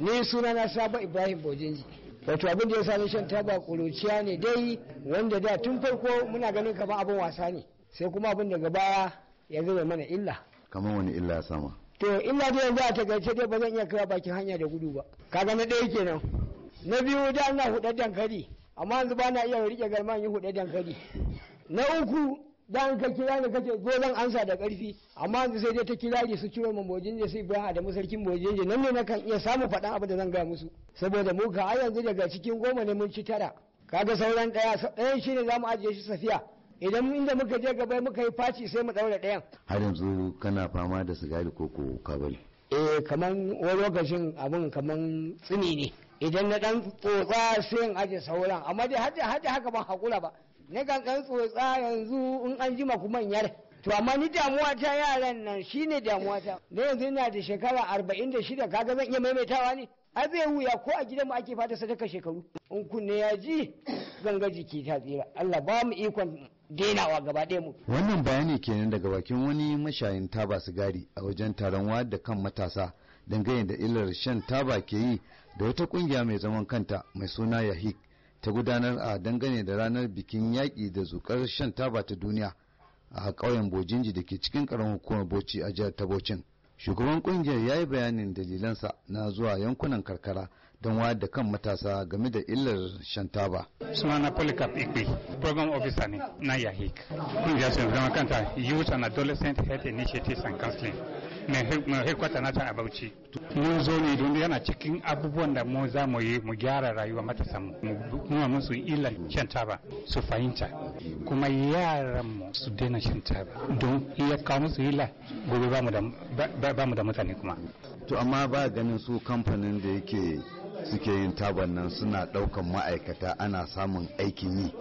ni suna na saba ibrahim bojinji wato abin da ya sami shan taba kuruciya ne dai wanda da tun farko muna ganin kamar abin wasa ne sai kuma abin daga baya ya zama mana illa kamar wani illa ya sama to illa da yanzu a tagarce dai ba zan iya kira bakin hanya da gudu ba kaga na ɗaya kenan na biyu da ana hudar dankali amma yanzu ba na iya rike garman yi hudar dankali na uku dan ka kira ni kace ko zan ansa da karfi amma yanzu sai dai ta kirari su ciro mu bojinje su Ibrahim Adamu sarkin bojinje nan ne nakan iya samu faɗan abin da zan ga musu saboda mu har yanzu daga cikin goma ne mun ci tara kaga sauran daya ɗayan shine zamu ajiye shi safiya idan inda muka je gaba muka yi faci sai mu daura ɗayan har yanzu kana fama da sigari ko ko kabari eh kaman wani lokacin abin kaman tsini ne idan na dan tsotsa sai in aje sauran amma dai haje haje haka ban hakura ba ne kan dan tsotsa yanzu in an jima kuma in to amma ni damuwa ta yaran nan shine damuwa ta ne yanzu ina da shekara 46 kaga zan iya maimaitawa ne ai zai wuya ko a gidan mu ake fata sadaka shekaru in kunne ya ji ganga jiki ta tsira Allah ba mu ikon denawa gaba ɗaya mu. Wannan bayani kenan daga bakin wani mashayin taba sigari a wajen taron wa da kan matasa dangane da illar shan taba ke yi da wata kungiya mai zaman kanta mai suna Yahik ta gudanar a dangane da ranar bikin yaƙi da zukar shan taba ta duniya a ƙauyen Bojinji da ke cikin ƙaramin hukumar Bauchi a jihar ta Bauchin. Shugaban ƙungiyar ya yi bayanin dalilansa na zuwa yankunan karkara don wayar da kan matasa game da illar shan taba. Sunana Polycarp Ikpe, Program Officer ne na YAHIC. Kungiyar sun zama kanta Youth and Adolescent Health Initiatives and Counseling. Mai hekwata na ta a Bauchi. Mun zo ne don yana cikin abubuwan da mu za mu yi mu gyara rayuwa matasan mu. Mu musu illar shan taba su fahimta. Kuma yaran mu su daina shan taba. Don iya kawo musu illa gobe ba mu da mutane kuma. To amma ba ganin su kamfanin da yake suke yin taban nan suna ɗaukan ma'aikata ana samun aikin yi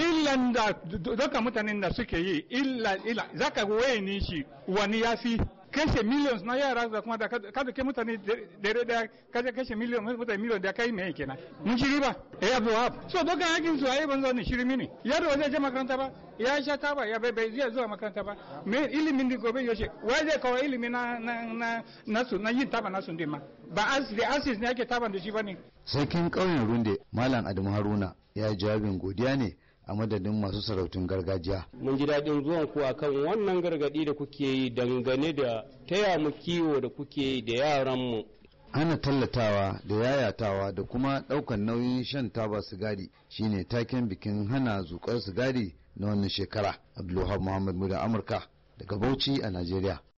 illan da duka mutanen da suke yi illa illa zaka waye ni shi wani ya fi kashe miliyon na yara da kuma da ke mutane dare daya kashe kashe miliyon mutane miliyon da kai mai kenan mun shiri ba eh abu ab so dokan hakin su ayi banzo ne shiri mini yaro waje je makaranta ba ya sha taba ya bai bai zai zuwa makaranta ba me ilimin da gobe yoshe waje kawai ilimi na na na su na yin taba na su ma ba asiri asiri ne ake taba da shi bane sai kin kauyen runde malam adamu haruna ya jawabin godiya ne a madadin masu sarautun gargajiya. Mun ji daɗin zuwan ku akan wannan gargaɗi da kuke yi dangane da taya mu kiwo da kuke yi da yaranmu. Ana tallatawa da yayatawa da kuma ɗaukar nauyin shan taba sigari shine taken bikin hana zukar sigari na wannan shekara. Abdulwahab Muhammad Muda Amurka daga Bauchi a Najeriya.